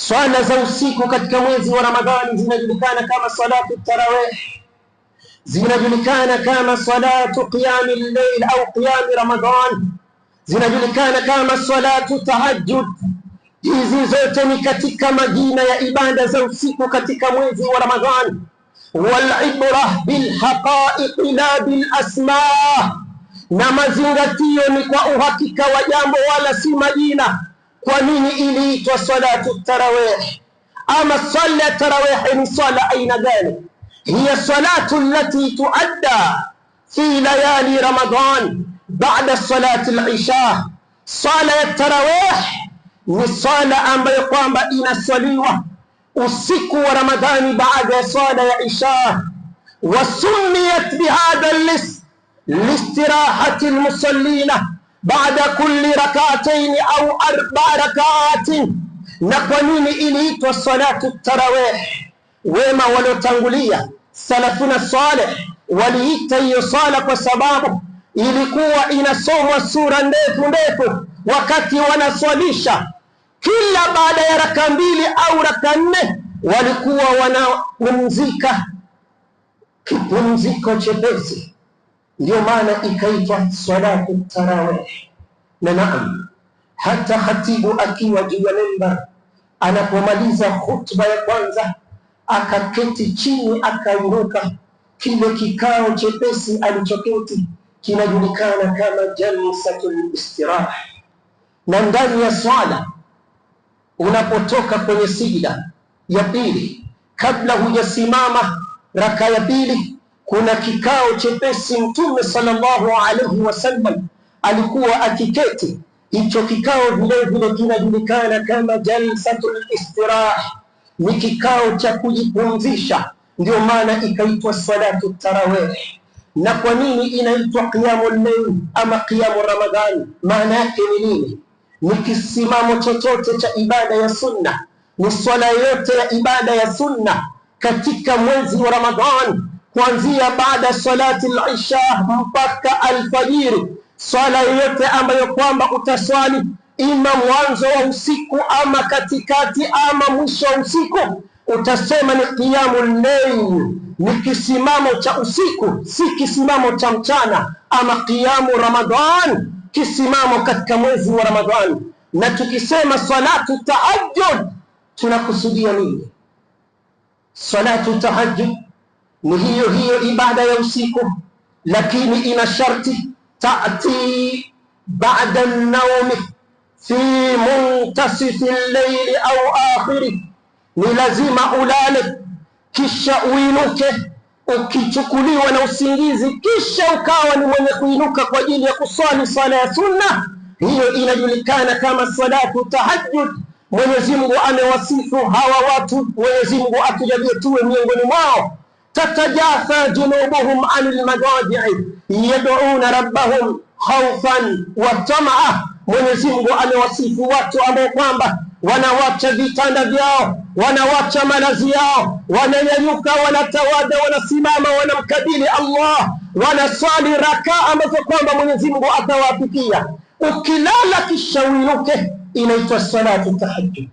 Swala za usiku katika mwezi wa Ramadhani zinajulikana kama salatu tarawih, zinajulikana kama salatu qiyami llail au qiyami Ramadhan, zinajulikana kama salatu tahajjud. Hizi zote ni katika majina ya ibada za usiku katika mwezi wa Ramadhani. Walibra bilhaqaiqi la bilasma, na mazingatio ni kwa uhakika wa jambo wala si majina kwa nini iliitwa salatu tarawih ama sala ya tarawih ni sala aina gani hiya salatu lati tuadda fi layali ramadan baada salati lisha sala ya tarawih ni sala ambayo kwamba inaswaliwa usiku wa ramadhani baada ya sala ya isha وسميت بهذا الاسم لاستراحه المصلين baada kulli rak'atayn au arba rak'atin. Na kwa nini iliitwa salatu tarawih? Wema waliotangulia salafuna saleh waliita hiyo sala kwa sababu ilikuwa inasomwa sura ndefu ndefu wakati wanaswalisha, kila baada ya raka mbili au raka nne walikuwa wanapumzika kipumziko chepesi Ndiyo maana ikaitwa salatu tarawih. Na naam, hata khatibu akiwa juu ya mimbar anapomaliza khutba ya kwanza, akaketi chini, akainuka, kile kikao chepesi alichoketi kinajulikana kama jalsatul istirah. Na ndani ya swala unapotoka kwenye sijida ya pili, kabla hujasimama raka ya pili kuna kikao chepesi Mtume sallallahu alaihi wasallam alikuwa akiketi. Hicho kikao vilevile kinajulikana kama jalsatul istirah, ni kikao cha kujipumzisha. Ndio maana ikaitwa salatu tarawih. Na kwa nini inaitwa qiyamu llail ama qiyamu Ramadhani? Maana yake ni nini? Ni kisimamo chochote cha ibada ya sunna, ni swala yote ya ibada ya sunna katika mwezi wa Ramadhani kuanzia baada salati al-isha mpaka alfajiri. Swala yoyote ambayo kwamba utaswali ima mwanzo wa usiku ama katikati ama mwisho wa usiku, utasema ni qiyamul layl, ni kisimamo cha usiku, si kisimamo cha mchana, ama qiyamu Ramadhan, kisimamo katika mwezi wa ramadan Na tukisema salatu tahajjud tunakusudia nini? Salatu tahajjud ni hiyo hiyo ibada ya usiku, lakini ina sharti tati baada naumi fi muntasifi llaili au akhiri, ni lazima ulale kisha uinuke ukichukuliwa na usingizi, kisha ukawa ni mwenye kuinuka kwa ajili ya kuswali sala ya sunna. Hiyo inajulikana kama salatu tahajjud. Mwenyezi Mungu amewasifu hawa watu. Mwenyezi Mungu atujalie tuwe miongoni mwao tatajafa junubuhum anil madaji'i yad'una rabbahum khawfan wa tamaa. Mwenyezi Mungu amewasifu watu ambao kwamba wanawacha vitanda vyao, wanawacha malazi yao, wananyanyuka, wanatawada, wanasimama, wanamkabili Allah, wanaswali rakaa ambazo kwamba Mwenyezi Mungu atawapikia. Ukilala kisha uinuke, inaitwa salatu tahajjud.